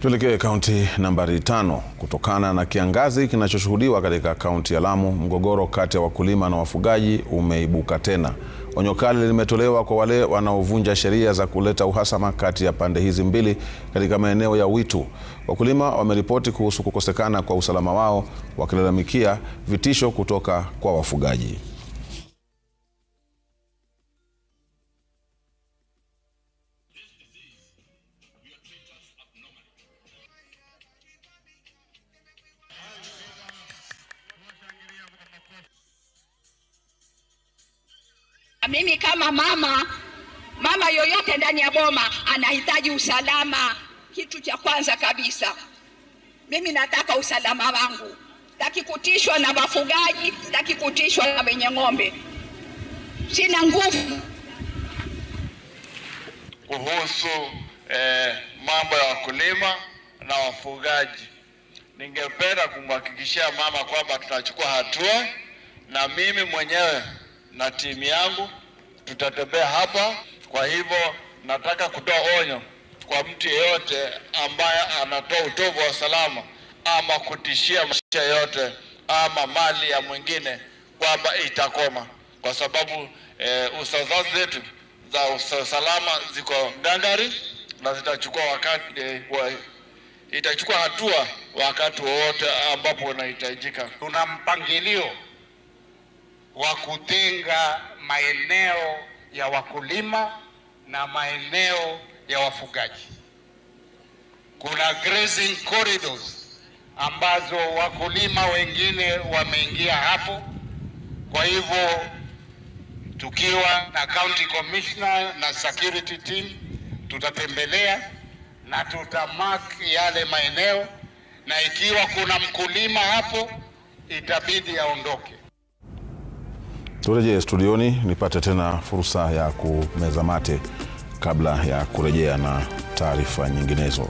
Tuelekee kaunti nambari tano. Kutokana na kiangazi kinachoshuhudiwa katika kaunti ya Lamu, mgogoro kati ya wakulima na wafugaji umeibuka tena. Onyo kali limetolewa kwa wale wanaovunja sheria za kuleta uhasama kati ya pande hizi mbili katika maeneo ya Witu. Wakulima wameripoti kuhusu kukosekana kwa usalama wao, wakilalamikia vitisho kutoka kwa wafugaji. Mimi kama mama, mama yoyote ndani ya boma anahitaji usalama. Kitu cha kwanza kabisa, mimi nataka usalama wangu. takikutishwa kutishwa na wafugaji, takikutishwa kutishwa na wenye ng'ombe. Sina nguvu kuhusu eh, mambo ya wakulima na wafugaji. Ningependa kumhakikishia mama kwamba tutachukua hatua, na mimi mwenyewe na timu yangu tutatembea hapa. Kwa hivyo nataka kutoa onyo kwa mtu yeyote ambaye anatoa utovu wa usalama ama kutishia maisha yote ama mali ya mwingine kwamba itakoma, kwa sababu e, eh, usazazi zetu za usalama ziko gangari na zitachukua wakati e, wa, itachukua hatua wakati wowote ambapo unahitajika. Tuna mpangilio wa kutenga maeneo ya wakulima na maeneo ya wafugaji. Kuna grazing corridors ambazo wakulima wengine wameingia hapo. Kwa hivyo tukiwa na county commissioner na security team tutatembelea na tutamark yale maeneo, na ikiwa kuna mkulima hapo itabidi aondoke. Turejee studioni nipate tena fursa ya kumeza mate kabla ya kurejea na taarifa nyinginezo.